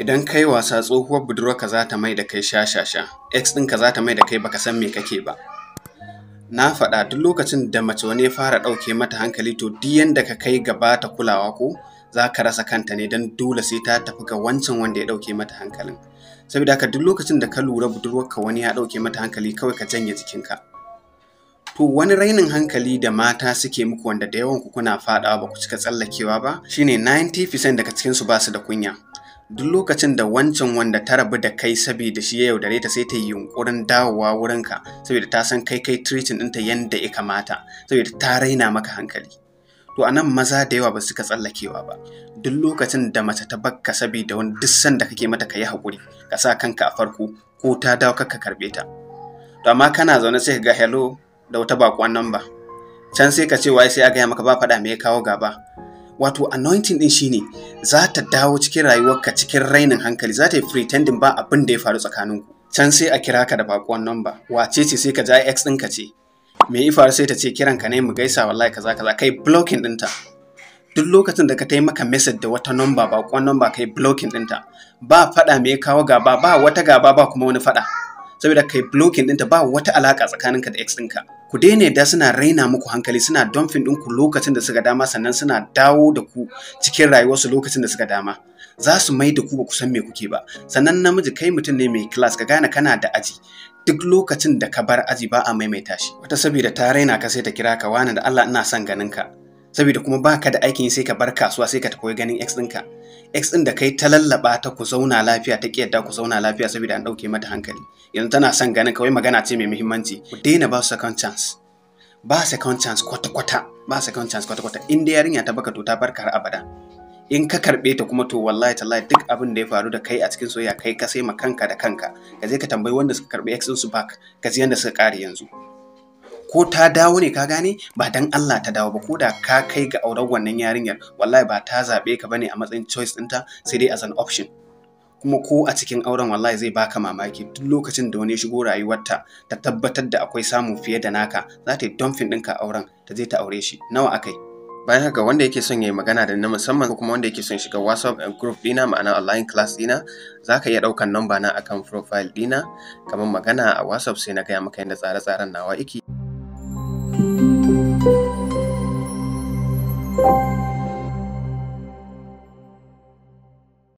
idan kai wasa tsohuwar budurwarka za ta mai da kai shashasha X ɗinka za ta mai da kai baka san me kake ba na faɗa duk lokacin da mace wani ya fara ɗauke mata hankali to duk yanda ka kai gaba ta kulawa ko za ka rasa kanta ne don dole sai ta tafi ga wancan wanda ya ɗauke mata hankalin saboda haka duk lokacin da ka lura budurwarka wani ya ɗauke mata hankali kawai ka janye jikinka to wani rainin hankali da mata suke muku wanda da yawan ku kuna faɗawa ba ku cika tsallakewa ba shine 90% daga cikinsu ba su da kunya duk lokacin da wancan wanda ta rabu da kai saboda shi ya yaudare ta sai ta yi yunkurin dawowa wurinka saboda ta san kai kai treating ɗinta yanda ya kamata saboda ta raina maka hankali to a nan maza da yawa ba su ka tsallakewa ba duk lokacin da mace ta bakka saboda wani duk sanda kake mata ka yi haƙuri ka sa kanka a farko ko ta dawo kanka karɓe ta to amma kana zaune sai ka ga hello da wata baƙon nan ba can sai ka ce wai sai a gaya maka ba faɗa me ya kawo gaba wato anointing din shine za ta dawo cikin rayuwarka cikin rainin hankali za ta yi pretending ba abin da ya faru tsakanin ku can sai a kira ka da bakon namba wace ce sai ka ja x ɗinka ce me ya faru sai ta ce kiran ka ne mu gaisa wallahi kaza kaza kai blocking ɗinta duk lokacin da ka ta yi maka message da wata namba bakon namba kai blocking ɗinta ba faɗa me ya kawo gaba ba wata gaba ba kuma wani faɗa saboda kai blocking ɗinta ba wata alaƙa tsakaninka da ex ɗinka ku daina yadda suna raina muku hankali suna domfin ɗinku lokacin da suka dama sannan suna dawo da ku cikin rayuwarsu lokacin da suka dama za su mai da ku ba ku san me kuke ba sannan namiji kai mutum ne mai class ka gane kana da aji duk lokacin da ka bar aji ba a maimaita shi wata saboda ta raina ka sai ta kira ka wani da Allah ina son ganin ka saboda kuma baka da aikin sai ka bar kasuwa sai ka ta koyi ganin ex ɗinka ex ɗin da kai ta lallaba ta ku zauna lafiya ta kiyarda ku zauna lafiya saboda an ɗauke mata hankali yanzu tana son ganin kawai magana ce mai muhimmanci ku daina ba su second chance ba second chance kwata-kwata ba second chance kwata-kwata in yarinya ta baka to ta barka har abada in ka karɓe ta kuma to wallahi tallahi duk abin da ya faru da kai a cikin soyayya kai ka sai ma kanka da kanka ka je ka tambayi wanda suka karɓi ex su back ka ji yanda suka kare yanzu ko ta dawo ne ka gane ba dan Allah ta dawo ba ko da ka kai ga auren wannan yarinyar wallahi ba ta zaɓe ka bane a matsayin choice ɗinta sai dai as an option kuma ko a cikin auren wallahi zai baka mamaki duk lokacin da wani shigo rayuwarta ta tabbatar da akwai samu fiye da naka za ta yi dumping ɗinka auren ta je ta aure shi nawa akai bayan haka wanda yake son yayi magana da ni, musamman ko kuma wanda yake son shiga whatsapp eh, group dina ma'ana online class dina za ka iya ɗaukan namba na akan profile dina kamar magana a whatsapp sai na gaya maka yadda tsare-tsaren nawa iki